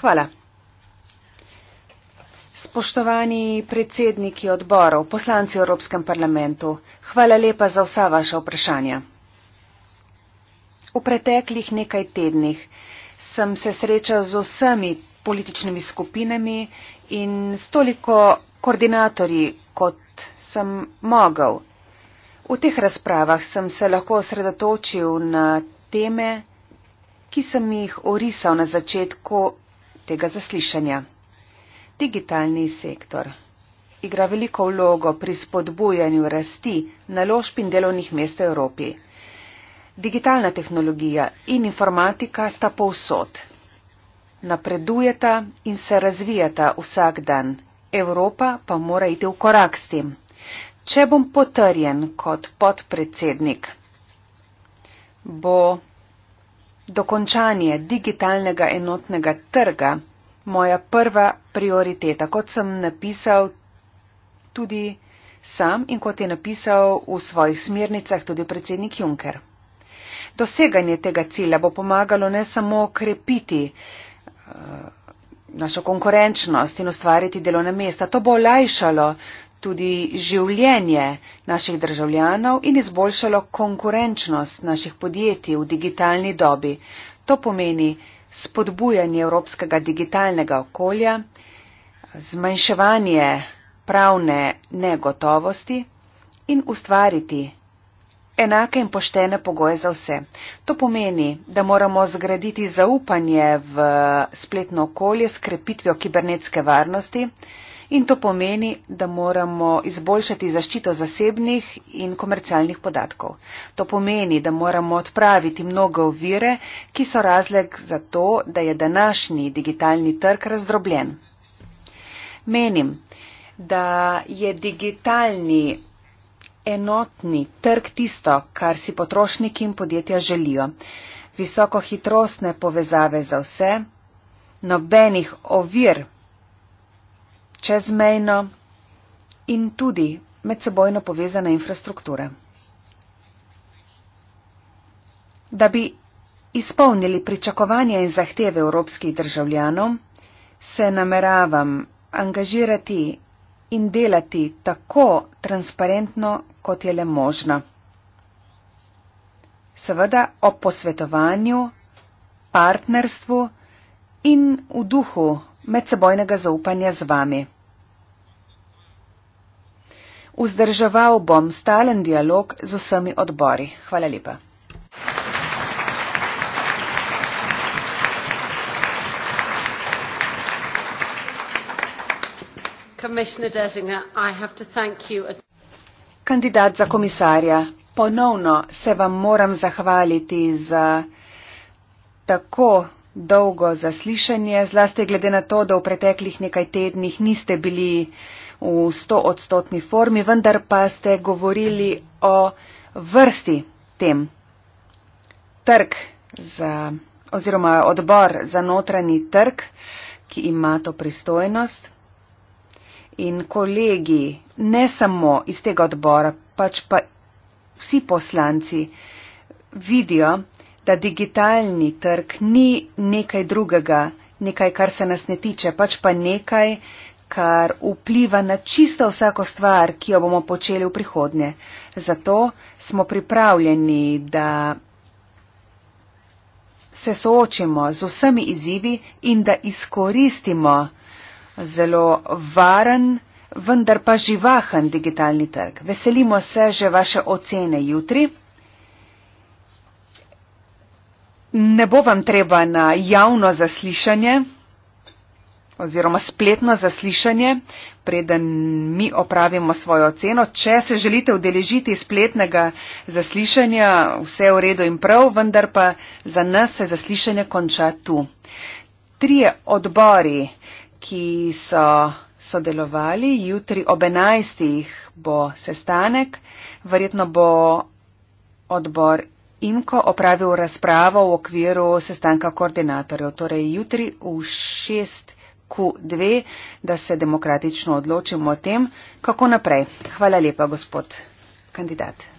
Hvala. Spoštovani predsedniki odborov, poslanci v Evropskem parlamentu, hvala lepa za vsa vaša vprašanja. V preteklih nekaj tednih sem se srečal z vsemi političnimi skupinami in s toliko koordinatorji, kot sem mogel. V teh razpravah sem se lahko osredotočil na teme, ki sem jih orisal na začetku tega zaslišanja. Digitalni sektor igra veliko vlogo pri spodbujanju rasti naložb in delovnih mest v Evropi. Digitalna tehnologija in informatika sta povsod. Napredujeta in se razvijata vsak dan. Evropa pa mora iti v korak s tem. Če bom potrjen kot podpredsednik, bo dokončanje digitalnega enotnega trga moja prva prioriteta, kot sem napisal tudi sam in kot je napisal v svojih smernicah tudi predsednik Juncker. Doseganje tega cilja bo pomagalo ne samo krepiti eh, našo konkurenčnost in ustvariti delovne mesta, to bo olajšalo tudi življenje naših državljanov in izboljšalo konkurenčnost naših podjetij v digitalni dobi. To pomeni spodbujanje evropskega digitalnega okolja, zmanjševanje pravne negotovosti in ustvariti enake in poštene pogoje za vse. To pomeni, da moramo zgraditi zaupanje v spletno okolje s krepitvijo kibernetske varnosti, in to pomeni, da moramo izboljšati zaščito zasebnih in komercialnih podatkov. To pomeni, da moramo odpraviti mnoge ovire, ki so razlog za to, da je današnji digitalni trg razdrobljen. Menim, da je digitalni enotni trg tisto, kar si potrošniki in podjetja želijo. Visokohitrostne povezave za vse, nobenih ovir čezmejno in tudi medsebojno povezane infrastrukture. Da bi izpolnili pričakovanja in zahteve evropskih državljanov, se nameravam angažirati in delati tako transparentno, kot je le možno. Seveda o posvetovanju, partnerstvu in v duhu medsebojnega zaupanja z vami. Vzdrževal bom stalen dialog z vsemi odbori. Hvala lepa. Kandidat za komisarja, ponovno se vam moram zahvaliti za tako dolgo zaslišanje, zlasti glede na to, da v preteklih nekaj tednih niste bili v stoodstotni formi, vendar pa ste govorili o vrsti tem. Trg za, oziroma odbor za notranji trg, ki ima to pristojnost in kolegi, ne samo iz tega odbora, pač pa vsi poslanci vidijo, da digitalni trg ni nekaj drugega, nekaj, kar se nas ne tiče, pač pa nekaj, kar vpliva na čisto vsako stvar, ki jo bomo počeli v prihodnje. Zato smo pripravljeni, da se soočimo z vsemi izzivi in da izkoristimo zelo varen, vendar pa živahen digitalni trg. Veselimo se že vaše ocene jutri ne bo vam treba na javno zaslišanje oziroma spletno zaslišanje, preden mi opravimo svojo oceno. Če se želite udeležiti spletnega zaslišanja, vse je v redu in prav, vendar pa za nas se zaslišanje konča tu. Trije odbori, ki so sodelovali, jutri ob 11. bo sestanek, verjetno bo odbor IMKO opravil razpravo v okviru sestanka koordinatorjev, torej jutri v 6Q2, da se demokratično odločimo o tem, kako naprej. Hvala lepa, gospod kandidat.